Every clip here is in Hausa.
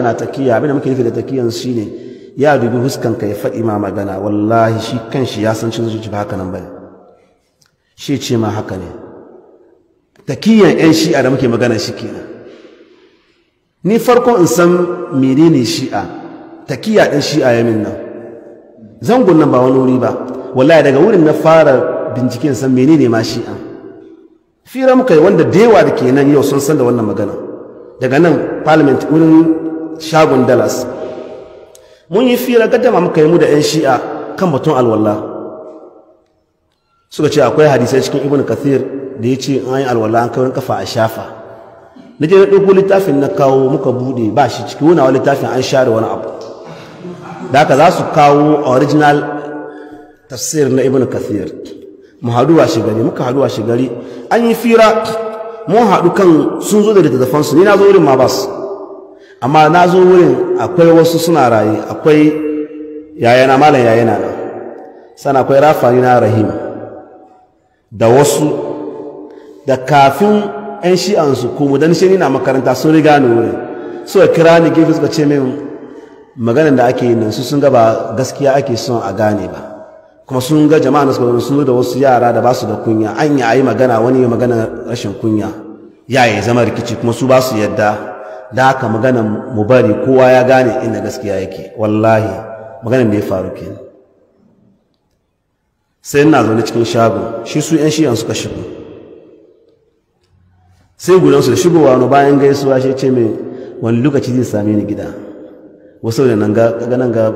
ana takiya abin da muke nufi da takiyan shine ya dubi huskan ka ya faɗi ma magana wallahi shi kan shi ya san cin zuciya haka nan ne. shi ce ma haka ne takiyan yan shi'a da muke magana shi kenan ni farko in san ne shi'a takiya ɗin shi'a ya min nan zangon nan ba wani wuri ba wallahi daga wurin na fara binciken san ne ma shi'a fira muka yi wanda da yawa da kenan yau sun san da wannan magana daga nan parliament wurin shagon dalas mun yi fira gaddama muka yi mu da 'yan shi'a kan batun alwala suka ce akwai hadisai cikin ibn kathir da ya ce an yi alwala an kawai kafa a shafa na je na ɗauko littafin na kawo muka buɗe ba shi ciki wani littafin an share wani abu da haka za su kawo original tafsir na ibn kathir mu haɗu washe gari muka haɗu washe gari an yi fira mun haɗu kan sun zo da littattafansu ni na zo wurin ma ba su amma na zo wurin akwai wasu suna raye akwai yayana malam yayana na sana akwai rafani na rahim da wasu da kafin 'yan shi'ansu kuma dan shi na makaranta sun riga ni wurin su kira ni gefe suka ce min maganar da ake yi nan su sun ga ba gaskiya ake son a gane ba kuma sun ga jama'a nasu sun da wasu yara da ba su da kunya an yi a yi magana wani magana rashin kunya ya yi zama rikici kuma su ba su yadda da haka maganan mu bari kowa ya gane inda gaskiya yake wallahi maganan da ya faru kenan sai ina zaune cikin shago shi su yan shiyan suka shigo sai gudansu da shigowa wano bayan gaisuwa shi ce mai wani lokaci zai same ni gida wasu da nan ga nan ga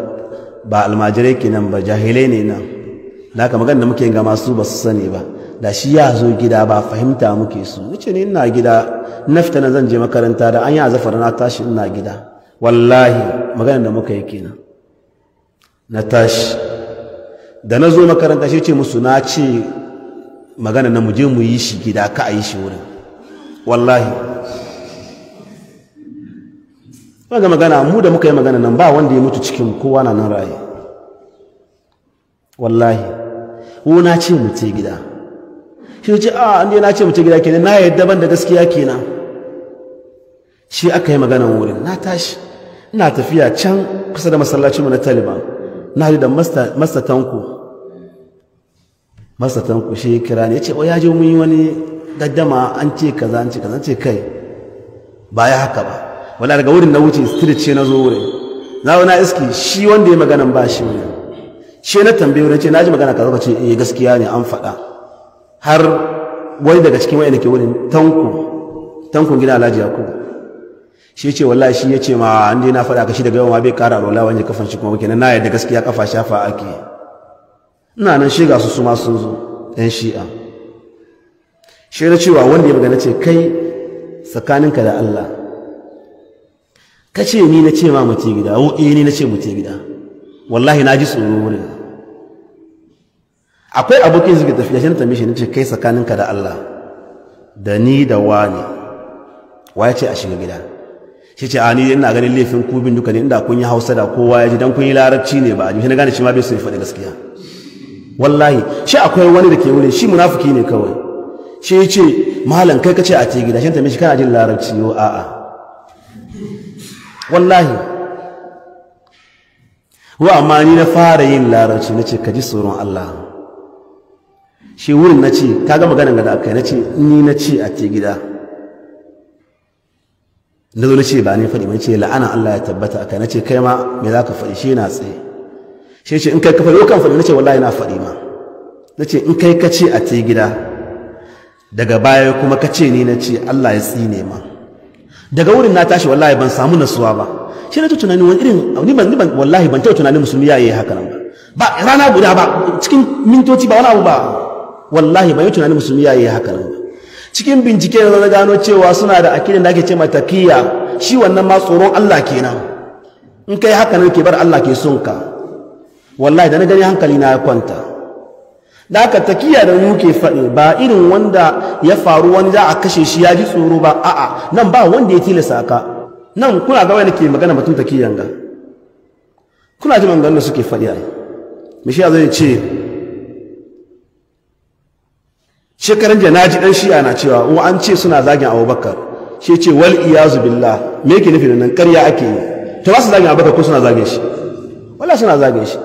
ba almajirai kenan ba jahilai ne nan da haka magana da muke ga masu ba su sani ba da shi ya zo gida ba fahimta muke su wuce ne ina gida na fita na zan je makaranta da an yi azafar na tashi ina gida wallahi magana da muka yi kenan na tashi da na zo makaranta shi ce musu na ce magana na muje mu yi shi gida ka a yi shi wurin wallahi wanda magana mu da muka yi magana nan ba wanda ya mutu cikin kowa na nan raye wallahi wuna ce mu ce gida shi ce a ah, an na ce mutum gida kenan na yadda ban da gaskiya kenan shi aka yi maganan wurin na tashi ina tafiya can kusa da masallacin mu na taliban na hadu da masta tanko masta tanko shi kira ne ya ce o oh, ya je mun yi wani gaddama an ce kaza an ce kaza an ce kai ba ya haka ba wala daga wurin na wuce street ce na zo wurin na na iski shi wanda ya maganan ba shi wurin shi na tambayi wurin ce na ji magana kaza ba ce eh gaskiya ne an faɗa har wani daga cikin wani da ke wurin tanko tankon gina alhaji yakubu shi ce wallahi shi ya ce ma an je na faɗa ka shi daga yau ma bai ƙara rola wani kafan shi kuma kenan na yadda gaskiya kafa shafa ake ina nan shiga su su ma sun zo ɗan shi'a shi na cewa wanda ya magana ce kai tsakaninka da Allah ka ce ni na ce ma mutu gida eh ni na ce mutu gida wallahi na ji tsoro wurin akwai abokin zuke tafiya shi na tambaye shi na ce kai tsakaninka da Allah da ni da wani waye ce a shiga gida shi ce a ni ina ganin laifin kubin duka ne inda kun yi hausa da kowa ya ji dan kun yi larabci ne ba a ji shi na gane shi ma bai so ya faɗi gaskiya wallahi shi akwai wani da ke wurin shi munafuki ne kawai shi ya ce malam kai kace a ce gida shi tambaye shi kana jin larabci yo a'a wallahi wa amma ni na fara yin larabci na ce ka ji tsoron Allah shi wurin na ce ka ga maganar da aka yi na ce ni na ce a ce gida na zo na ce ba ni faɗi ba ce la'ana Allah ya tabbata aka na ce kai ma me za ka faɗi shi na tsaye shi ce in kai ka faɗi kan faɗi na ce wallahi na faɗi ma na ce in kai ka ce a ce gida daga baya kuma ka ce ni na ce Allah ya tsine ma daga wurin na tashi wallahi ban samu nasuwa ba shi na ta tunani wani irin ni ban wallahi ban ta tunanin musulmi ya yi haka nan ba ba rana guda ba cikin mintoci ba wani abu ba wallahi ban yi tunanin musulmi ya yi haka nan cikin bincike na gano cewa suna da akidan da ake ce mata kiyya shi wannan ma tsoron Allah kenan in kai haka nan ke bar Allah ke son ka wallahi da na gani hankali na ya kwanta da aka takiya da mu ke faɗi ba irin wanda ya faru wani za a kashe shi ya ji tsoro ba a'a nan ba wanda ya tilasta ka nan kuna ga wani ke magana batun takiyan ga kuna ji maganganun suke faɗi a mishi ya zai ce shekaran jiya naji dan shi'a na cewa wa an ce suna zagin abubakar shi ce wal iyazu billah me yake nufi nan karya ake yi to ba su zagin abubakar ko suna zagin shi wala suna zagin shi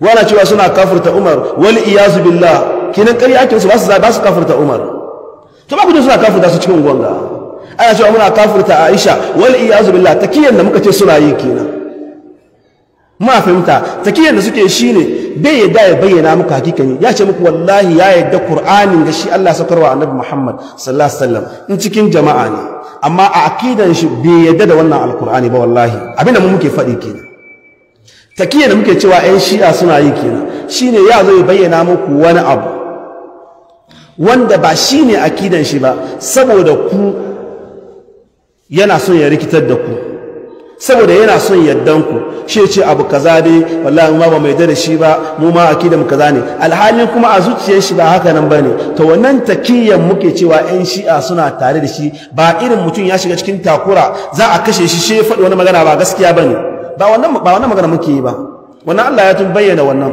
wala cewa suna kafirta umar wal iyazu billah kenan karya ake su ba su ba su kafirta umar to ba ku suna kafirta su cikin gonga ana cewa muna kafirta aisha wal iyazu billah takiyan da muka ce suna yi kenan ma fahimta takiyan da suke shine bai yadda ya bayyana muku hakikani ya ce muku wallahi ya yadda qur'anin da shi Allah saukarwa annabi Muhammad sallallahu alaihi wasallam in cikin jama'a ne amma a akidan shi bai yadda da wannan alqur'ani ba wallahi abinda mu muke faɗi kenan takiyar da muke cewa 'yan shi'a suna yi kenan shine ya zo ya bayyana muku wani abu wanda ba shine akidan shi ba saboda ku yana son ya rikitar da ku saboda yana son yaddanku shi ce abu kaza dai wallahi mu ba mai da shi ba mu ma akida mu kaza ne alhalin kuma a zuciyar shi ba haka nan bane to wannan takiyyan muke cewa ƴan shi'a suna tare da shi ba irin mutum ya shiga cikin takura za a kashe shi shi faɗi wani magana ba gaskiya bane ba wannan ba wannan magana muke yi ba wannan Allah ya tun bayyana wannan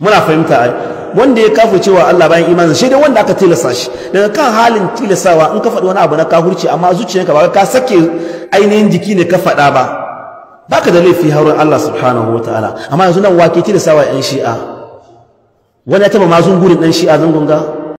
muna fahimta ai wanda ya kafa cewa Allah bayan imanin shi dai wanda aka tilasa shi daga kan halin tilasawa in ka faɗi wani abu na kafurci amma zuciyarka ba ka sake ainihin jiki ne ka faɗa ba ba ka da laifi haurin Allah subhanahu ta'ala. amma yanzu nan wake ce da sawa yan shi'a wani ya taba mazungurin gurin shi'a zangon ga